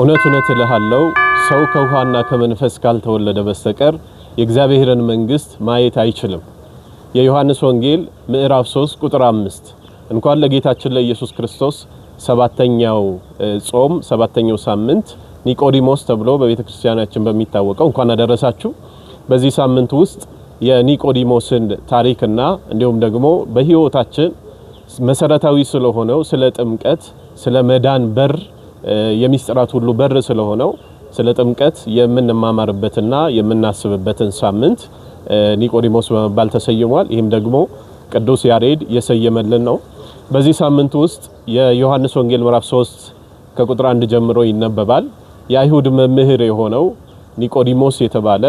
እውነት እውነት እልሃለሁ ሰው ከውሃና ከመንፈስ ካልተወለደ በስተቀር የእግዚአብሔርን መንግስት ማየት አይችልም። የዮሐንስ ወንጌል ምዕራፍ 3 ቁጥር 5። እንኳን ለጌታችን ለኢየሱስ ክርስቶስ ሰባተኛው ጾም ሰባተኛው ሳምንት ኒቆዲሞስ ተብሎ በቤተ ክርስቲያናችን በሚታወቀው እንኳን አደረሳችሁ። በዚህ ሳምንት ውስጥ የኒቆዲሞስን ታሪክና እንዲሁም ደግሞ በህይወታችን መሰረታዊ ስለሆነው ስለ ጥምቀት ስለ መዳን በር የሚስጥራት ሁሉ በር ስለሆነው ስለ ጥምቀት የምንማማርበትና የምናስብበትን ሳምንት ኒቆዲሞስ በመባል ተሰይሟል። ይህም ደግሞ ቅዱስ ያሬድ የሰየመልን ነው። በዚህ ሳምንት ውስጥ የዮሐንስ ወንጌል ምዕራፍ 3 ከቁጥር 1 ጀምሮ ይነበባል። የአይሁድ መምህር የሆነው ኒቆዲሞስ የተባለ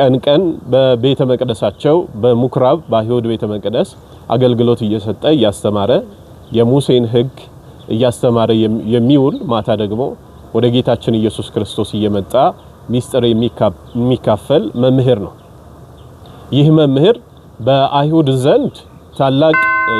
ቀን ቀን በቤተ መቅደሳቸው በምኩራብ በአይሁድ ቤተ መቅደስ አገልግሎት እየሰጠ እያስተማረ የሙሴን ሕግ እያስተማረ የሚውል ማታ ደግሞ ወደ ጌታችን ኢየሱስ ክርስቶስ እየመጣ ሚስጥር የሚካፈል መምህር ነው። ይህ መምህር በአይሁድ ዘንድ ታላቅ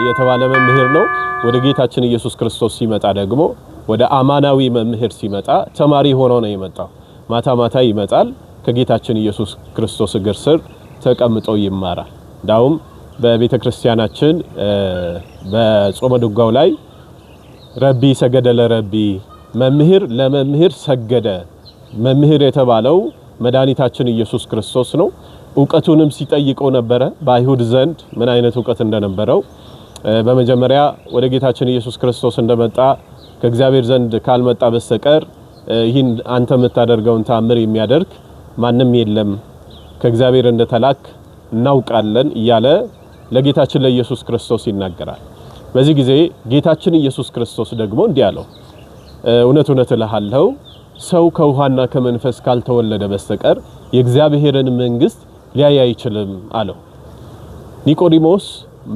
የተባለ መምህር ነው። ወደ ጌታችን ኢየሱስ ክርስቶስ ሲመጣ ደግሞ ወደ አማናዊ መምህር ሲመጣ ተማሪ ሆኖ ነው የመጣው። ማታ ማታ ይመጣል። ከጌታችን ኢየሱስ ክርስቶስ እግር ስር ተቀምጦ ይማራል። ዳውም በቤተ ክርስቲያናችን በጾመ ድጓው ላይ ረቢ ሰገደ ለረቢ መምህር ለመምህር ሰገደ። መምህር የተባለው መድኃኒታችን ኢየሱስ ክርስቶስ ነው። እውቀቱንም ሲጠይቀው ነበረ። በአይሁድ ዘንድ ምን አይነት እውቀት እንደነበረው በመጀመሪያ ወደ ጌታችን ኢየሱስ ክርስቶስ እንደመጣ ከእግዚአብሔር ዘንድ ካልመጣ በስተቀር ይህን አንተ የምታደርገውን ተአምር የሚያደርግ ማንም የለም፣ ከእግዚአብሔር እንደተላክ እናውቃለን እያለ ለጌታችን ለኢየሱስ ክርስቶስ ይናገራል። በዚህ ጊዜ ጌታችን ኢየሱስ ክርስቶስ ደግሞ እንዲህ አለው፣ እውነት እውነት እልሃለሁ ሰው ከውሃና ከመንፈስ ካልተወለደ በስተቀር የእግዚአብሔርን መንግስት ሊያይ አይችልም አለው። ኒቆዲሞስ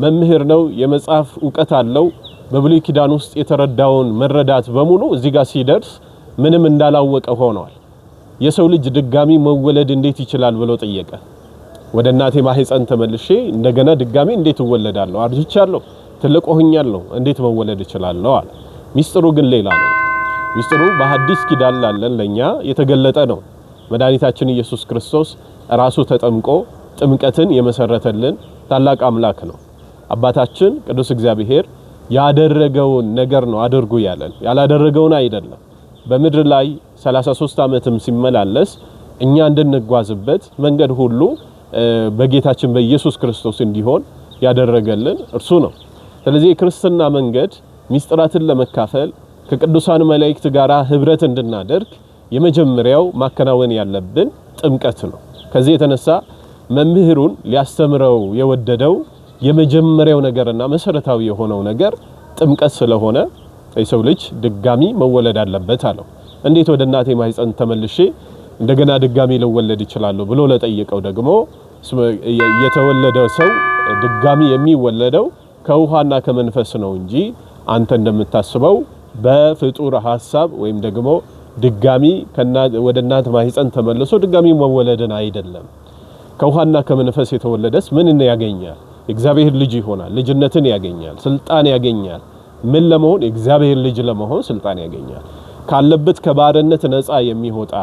መምህር ነው፣ የመጽሐፍ እውቀት አለው። በብሉይ ኪዳን ውስጥ የተረዳውን መረዳት በሙሉ እዚህ ጋር ሲደርስ ምንም እንዳላወቀ ሆኗል። የሰው ልጅ ድጋሚ መወለድ እንዴት ይችላል ብሎ ጠየቀ። ወደ እናቴ ማህፀን ተመልሼ እንደገና ድጋሚ እንዴት እወለዳለሁ? አርጅቻለሁ ትልቅ ሆኛለሁ እንዴት መወለድ እችላለሁ አለ። ሚስጥሩ ግን ሌላ ነው። ሚስጥሩ በሐዲስ ኪዳን ላለን ለኛ የተገለጠ ነው። መድኃኒታችን ኢየሱስ ክርስቶስ ራሱ ተጠምቆ ጥምቀትን የመሰረተልን ታላቅ አምላክ ነው። አባታችን ቅዱስ እግዚአብሔር ያደረገውን ነገር ነው አድርጉ ያለን፣ ያላደረገውን አይደለም። በምድር ላይ 33 ዓመትም ሲመላለስ እኛ እንድንጓዝበት መንገድ ሁሉ በጌታችን በኢየሱስ ክርስቶስ እንዲሆን ያደረገልን እርሱ ነው። ስለዚህ የክርስትና መንገድ ሚስጥራትን ለመካፈል ከቅዱሳን መላእክት ጋራ ህብረት እንድናደርግ የመጀመሪያው ማከናወን ያለብን ጥምቀት ነው። ከዚህ የተነሳ መምህሩን ሊያስተምረው የወደደው የመጀመሪያው ነገርና መሰረታዊ የሆነው ነገር ጥምቀት ስለሆነ የሰው ልጅ ድጋሚ መወለድ አለበት አለው። እንዴት ወደ እናቴ ማህፀን ተመልሼ እንደገና ድጋሚ ልወለድ እችላለሁ ብሎ ለጠየቀው ደግሞ የተወለደ ሰው ድጋሚ የሚወለደው ከውሃና ከመንፈስ ነው እንጂ አንተ እንደምታስበው በፍጡር ሀሳብ ወይም ደግሞ ድጋሚ ወደ እናት ማህፀን ተመልሶ ድጋሚ መወለድን አይደለም። ከውሃና ከመንፈስ የተወለደስ ምንን ያገኛል? የእግዚአብሔር ልጅ ይሆናል። ልጅነትን ያገኛል። ስልጣን ያገኛል። ምን ለመሆን? የእግዚአብሔር ልጅ ለመሆን ስልጣን ያገኛል። ካለበት ከባርነት ነፃ የሚወጣ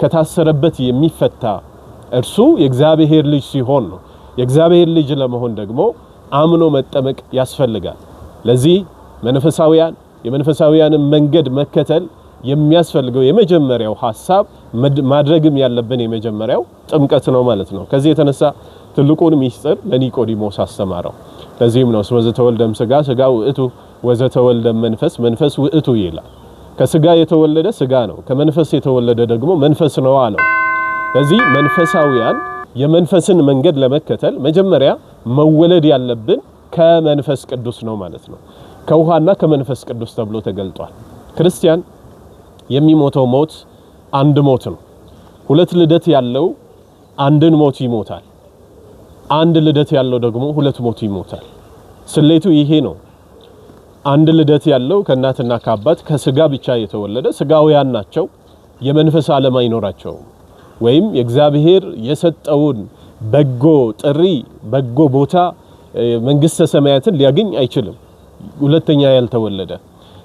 ከታሰረበት የሚፈታ እርሱ የእግዚአብሔር ልጅ ሲሆን ነው። የእግዚአብሔር ልጅ ለመሆን ደግሞ አምኖ መጠመቅ ያስፈልጋል። ለዚህ መንፈሳውያን የመንፈሳውያንን መንገድ መከተል የሚያስፈልገው የመጀመሪያው ሀሳብ ማድረግም ያለብን የመጀመሪያው ጥምቀት ነው ማለት ነው። ከዚህ የተነሳ ትልቁን ሚስጥር ለኒቆዲሞስ አስተማረው። ለዚህም ነው እስመ ስጋ ስጋ ውእቱ ወዘተወልደም መንፈስ መንፈስ ውእቱ ይላል። ከስጋ የተወለደ ስጋ ነው፣ ከመንፈስ የተወለደ ደግሞ መንፈስ ነው አለው። ለዚህ መንፈሳውያን የመንፈስን መንገድ ለመከተል መጀመሪያ መወለድ ያለብን ከመንፈስ ቅዱስ ነው ማለት ነው። ከውሃና ከመንፈስ ቅዱስ ተብሎ ተገልጧል። ክርስቲያን የሚሞተው ሞት አንድ ሞት ነው። ሁለት ልደት ያለው አንድን ሞት ይሞታል። አንድ ልደት ያለው ደግሞ ሁለት ሞት ይሞታል። ስሌቱ ይሄ ነው። አንድ ልደት ያለው ከእናትና ከአባት ከስጋ ብቻ የተወለደ ስጋውያን ናቸው። የመንፈስ ዓለም አይኖራቸውም። ወይም የእግዚአብሔር የሰጠውን በጎ ጥሪ በጎ ቦታ መንግስተ ሰማያትን ሊያገኝ አይችልም። ሁለተኛ ያልተወለደ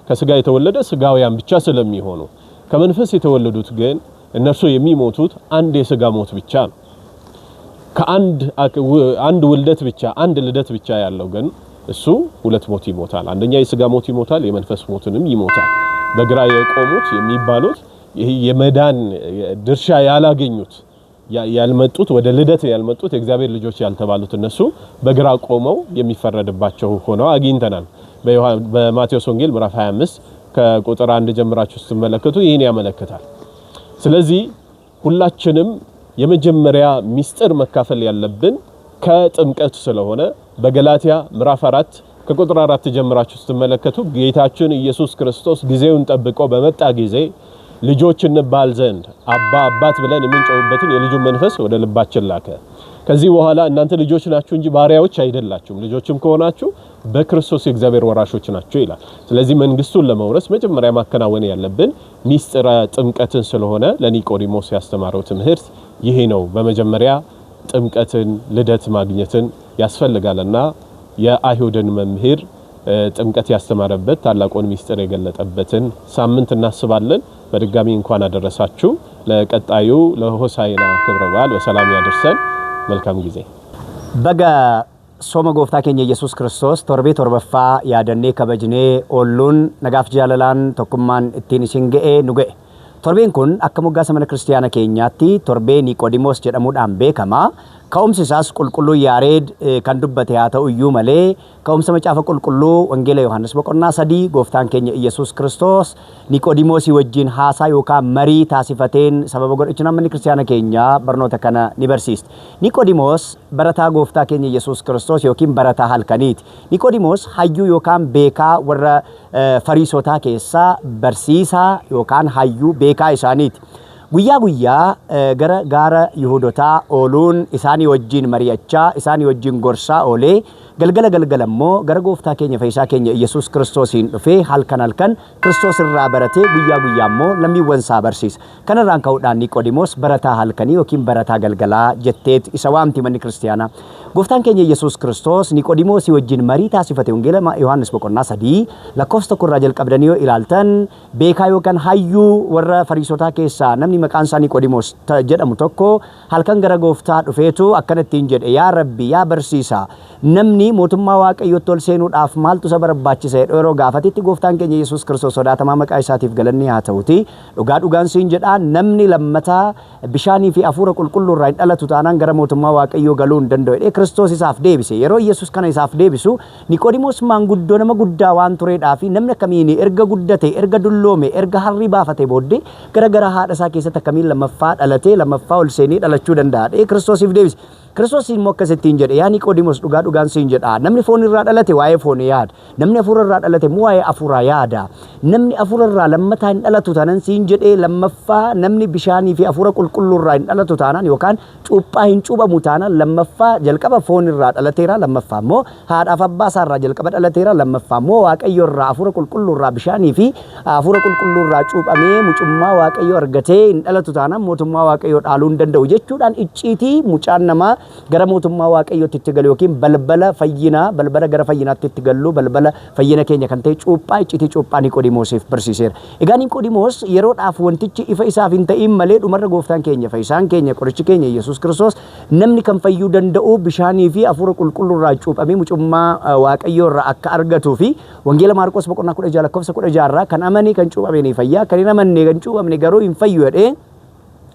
ከስጋ የተወለደ ስጋውያን ብቻ ስለሚሆኑ ከመንፈስ የተወለዱት ግን እነርሱ የሚሞቱት አንድ የስጋ ሞት ብቻ ነው። ከአንድ አንድ ውልደት ብቻ አንድ ልደት ብቻ ያለው ግን እሱ ሁለት ሞት ይሞታል። አንደኛ የስጋ ሞት ይሞታል፣ የመንፈስ ሞትንም ይሞታል። በግራ የቆሙት የሚባሉት ይሄ የመዳን ድርሻ ያላገኙት ያልመጡት ወደ ልደት ያልመጡት የእግዚአብሔር ልጆች ያልተባሉት እነሱ በግራ ቆመው የሚፈረድባቸው ሆነው አግኝተናል። በማቴዎስ ወንጌል ምዕራፍ 25 ከቁጥር አንድ ጀምራችሁ ስትመለከቱ ይህን ያመለክታል። ስለዚህ ሁላችንም የመጀመሪያ ሚስጥር መካፈል ያለብን ከጥምቀት ስለሆነ በገላትያ ምዕራፍ 4 ከቁጥር 4 ጀምራችሁ ስትመለከቱ ጌታችን ኢየሱስ ክርስቶስ ጊዜውን ጠብቆ በመጣ ጊዜ ልጆች እንባል ዘንድ አባ አባት ብለን የምንጮህበትን የልጁን መንፈስ ወደ ልባችን ላከ። ከዚህ በኋላ እናንተ ልጆች ናችሁ እንጂ ባሪያዎች አይደላችሁም፣ ልጆችም ከሆናችሁ በክርስቶስ የእግዚአብሔር ወራሾች ናችሁ ይላል። ስለዚህ መንግስቱን ለመውረስ መጀመሪያ ማከናወን ያለብን ሚስጥረ ጥምቀትን ስለሆነ ለኒቆዲሞስ ያስተማረው ትምህርት ይሄ ነው። በመጀመሪያ ጥምቀትን ልደት ማግኘትን ያስፈልጋልና የአይሁድን መምህር ጥምቀት ያስተማረበት ታላቁን ሚስጥር የገለጠበትን ሳምንት እናስባለን። በድጋሚ እንኳን አደረሳችሁ። ለቀጣዩ ለሆሳይና ክብረ በዓል በሰላም ያደርሰን። መልካም ጊዜ በገ ሶመ ጎፍታ ኬኛ ኢየሱስ ክርስቶስ ቶርቤ ቶርበፋ ያደኔ ከበጅኔ ኦሉን ነጋፍ ጃለላን ቶኩማን እቲን ኢሲን ገኤ ኑ ገኤ torbeen kun akka moggaa samana kiristaanaa keenyaatti torbee Ka'umsi isaas qulqulluu Yaareed kan dubbate haa ta'u iyyuu malee ka'umsa macaafa qulqulluu Wangeela Yohaannis boqonnaa sadii gooftaan keenya Iyyasuus Kiristoos Niqoodimoosii wajjin haasaa yookaan marii taasifateen sababa godhachuun namni kiristaana keenyaa barnoota kana ni barsiisti. Niqoodimoos barataa gooftaa keenya Iyyasuus Kiristoos yookiin barataa halkaniiti. Niqoodimoos hayyuu yookaan beekaa warra fariisotaa keessaa barsiisaa yookaan hayyuu beekaa isaaniiti. ጉያ ጉያ ገረ ጋራ ይሁዶታ ኦሉን ኢሳኒ ወጂን መሪያቻ ኢሳኒ ወጂን ጎርሳ ኦሌ galgala galgala immoo gara gooftaa keenya fayyisaa keenya Iyyasuus Kiristoosiin dhufee halkan halkan Kiristoos irraa baratee guyyaa guyyaa immoo lammiiwwan isaa barsiisa. Kanarraan ka'uudhaan Niqoodimoos barataa halkanii yookiin barataa galgalaa jetteet isa waamti manni kiristiyaanaa. Gooftaan keenya Iyyasuus Kiristoos Niqoodimoosii wajjin marii taasifate wangeela Yohaannis boqonnaa sadii lakkoofsa tokko irraa jalqabdanii yoo ilaaltan beekaa yookaan hayyuu warra fariisotaa keessaa namni maqaan isaa Niqoodimoos jedhamu tokko halkan gara gooftaa dhufeetu akkana ittiin jedhe yaa rabbi yaa barsiisaa namni mootummaa waaqayyootti ol seenuudhaaf maaltu sabarabbaachisa jedhu yeroo gaafatitti gooftaan keenya Yesuus Kiristoos sodaatamaa maqaa isaatiif galanni haa ta'uti. Dhugaa dhugaan siin jedhaa namni lammataa bishaanii fi hafuura qulqulluu irraa hin dhalatu taanaan gara mootummaa waaqayyoo galuu hin danda'edhe. Kiristoos isaaf deebise. Yeroo Yesuus kana isaaf deebisu Niqoodimoos maanguddoo nama guddaa waan turedhaa fi namni akkamiin erga guddate, erga dulloome, erga harri baafate booddee gara gara haadha isaa keessatti akkamiin lammaffaa dhalate, lammaffaa ol seenee dhalachuu danda'a. Kiristoosiif deebise. Kiristoos immoo akkas ittiin jedhe yaa Niqoodiimoos dhugaa dhugaan siin jedha namni foon irraa dhalate waa'ee foonii yaada namni hafuura irraa dhalate immoo waa'ee hafuuraa yaada namni hafuura irraa lammataa hin dhalatu tanan siin jedhee lammaffaa namni bishaanii fi hafuura qulqulluu irraa hin dhalatu taanaan yookaan cuuphaa hin cuubamu taanaan lammaffaa jalqaba foon irraa dhalateera lammaffaa immoo haadhaaf abbaa isaa irraa jalqaba dhalateera lammaffaa immoo waaqayyo irraa hafuura qulqulluu irraa bishaanii fi hafuura qulqulluu irraa cuuphamee mucummaa waaqayyo argatee hin dhalatu taanaan mootummaa waaqayyo dhaaluu hin danda'u jechuudhaan icciitii mucaan namaa gara mootummaa waaqayyootti itti galu yookiin balbala fayyinaa balbala gara fayyinaatti itti gallu balbala fayyina keenya kan ta'e cuuphaa iccitii cuuphaa Niqoodimoosiif barsiiseera. Egaa Niqoodimoos yeroodhaaf wantichi ifa isaaf hin ta'in malee dhumarra gooftaan keenya fayyisaan keenya qorichi keenya Yesuus Kiristoos namni kan fayyuu danda'u bishaanii fi hafuura qulqulluurraa cuuphamee mucummaa waaqayyoorraa akka argatuu fi wangeela Maarqos boqonnaa kudha jaha kofsa kudha jaharraa kan amanii kan cuuphamee ni fayyaa kan hin amanne kan cuuphamne garuu hin fayyu jedhee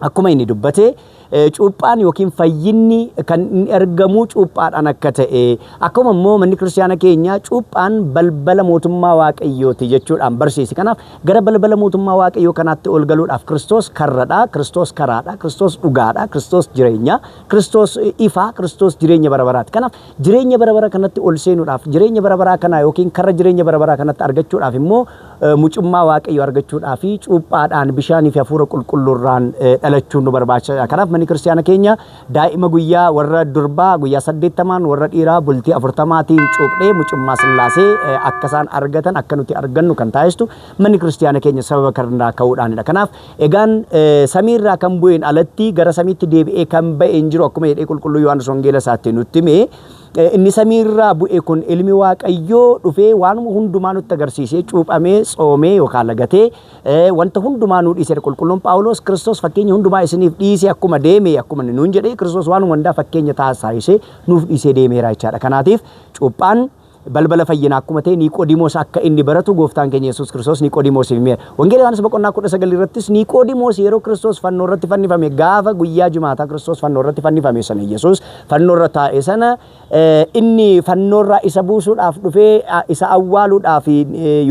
akkuma inni dubbate cuuphaan yookiin fayyinni kan inni argamu cuuphaadhaan akka ta'e akkuma immoo manni kiristaana keenyaa cuuphaan balbala mootummaa waaqayyooti jechuudhaan barsiisi. Kanaaf gara balbala mootummaa waaqayyoo kanaatti ol galuudhaaf kiristoos karradhaa kiristoos karaadhaa kiristoos dhugaadhaa kiristoos jireenyaa kiristoos ifaa, kiristoos jireenya barabaraati. Kanaaf jireenya barabara kanatti ol seenuudhaaf jireenya barabaraa kanaa yookiin karra jireenya barabaraa kanatti argachuudhaaf immoo mucummaa waaqayyo argachuudhaa fi cuuphaadhaan bishaanii fi hafuura qulqulluurraan dhalachuun nu barbaachisaadha. Kanaaf manni kiristaanaa keenya daa'ima guyyaa warra durbaa guyyaa saddeettamaan warra dhiiraa bultii afurtamaatiin cuuphee mucummaa sillaasee akka isaan argatan akka nuti argannu kan taasistu manni kiristaanaa keenya sababa kanarraa ka'uudhaanidha. Kanaaf egaan samiirraa kan bu'een alatti gara samiitti deebi'ee kan ba'e hin jiru akkuma jedhee qulqulluu Yohaannis Wangeela isaatti nutti himee Innisamiirraa bu'e kun ilmi waaqayyoo dhufee waan hundumaa nutti agarsiisee cuuphamee tsoomee yookaan lagatee wanta hundumaa nuu dhiisee qulqulluun Phaawulos Kiristoos fakkeenya hundumaa isiniif dhiisee akkuma deeme akkuma nuun jedhee Kiristoos waan hundaa fakkeenya taasisee nuuf dhiisee deemeera jechaadha. Kanaatiif cuuphaan balbala fayyinaa akkuma ta'e Niqoodimoos akka inni baratu gooftaan keenya Yesuus Kiristoos hin himeera. Wangeela Yohaannis boqonnaa kudha sagal irrattis Niqoodimoos yeroo Kiristoos fannoo irratti fannifame gaafa guyyaa jumaataa Kiristoos fannoo irratti fannifame sana Yesuus fannoo irra taa'e sana inni fannoo irraa isa buusuudhaaf dhufee isa awwaaluudhaaf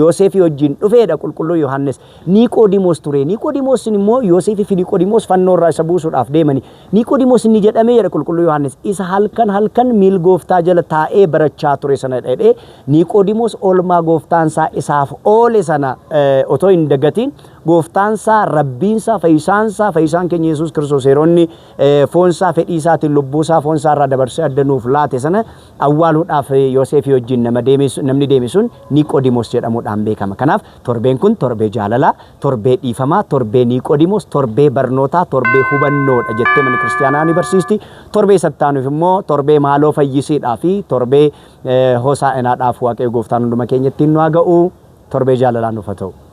Yoosefi wajjin dhufeedha qulqulluu Yohaannis. Niqoodimoos ture. Niqoodimoos immoo Yoosefii fi Niqoodimoos fannoo irraa isa buusuudhaaf deemani. Niqoodimoos inni jedhamee jedha qulqulluu Yohaannis isa halkan halkan miil gooftaa jala taa'ee barachaa ture sana jedhee Niqoodimoos oolmaa gooftaan isaa isaaf oole sana otoo hin daggatiin gooftaansaa, rabbiinsaa, fayyisaansaa, fayyisaan keenya Yesuus Kiristoos yeroonni foonsaa, fedhiisaatiin, lubbuusaa, foonsaa irraa dabarsee addanuuf laate sana awwaaluudhaaf Yoosefii wajjin nama namni deeme sun Niqodimos jedhamuudhaan beekama. Kanaaf torbeen kun torbee jaalalaa, torbee dhiifamaa, torbee Niqodimos, torbee barnootaa, torbee hubannoodha jettee mana kiristaanaa ni barsiisti. Torbee sattaanuuf immoo torbee maaloo fayyisiidhaa fi torbee hosaa'inaadhaaf waaqayyo gooftaan hunduma keenyatti nu haa ga'u. Torbee jaalalaan nuuf haa ta'u.